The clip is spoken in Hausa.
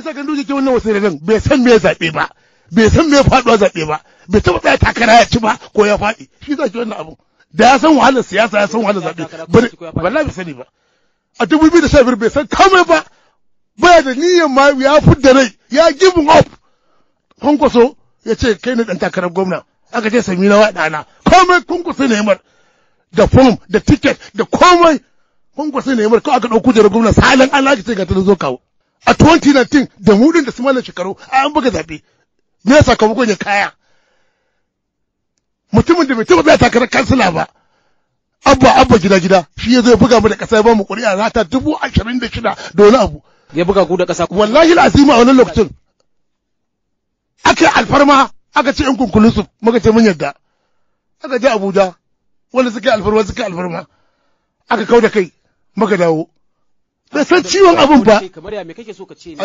da sa gandu ke wannan wasu bai san me zaɓe ba bai san me faɗuwa zaɓe ba bai taɓa tsaya takara ya ci ba ko ya faɗi shi zaki wannan abu da ya san wahalar siyasa ya san wahalar zaɓe wallahi bai sani ba a dubu biyu da sha biyar bai san kamai ba baya da niyyar ma ya fudda rai ya giving up kwankwaso ya ce kai ne ɗan takarar gwamna aka ce sami na na komai kwankwaso ne mar da form da ticket da komai kwankwaso ne mar ko aka ɗauko jere gwamna salin Allah ce ga ta zo kawo a 2019 da mudin da su malam shekaru an buga zaɓe me ya sakamakon ya kaya mutumin da bai taɓa bai takarar kansila ba abba abba gida gida shi ya zo ya buga mu da ƙasa ya ba mu ƙuri'a rata dubu ashirin da shida da wani abu ya buga ku da ƙasa wallahi lazima a wannan lokacin aka yi alfarma aka ce in su muka ce mun yadda aka je abuja wanda suke alfarma suke alfarma aka kau da kai muka dawo bai san ciwon abun ba kamar ya me kake so ka ce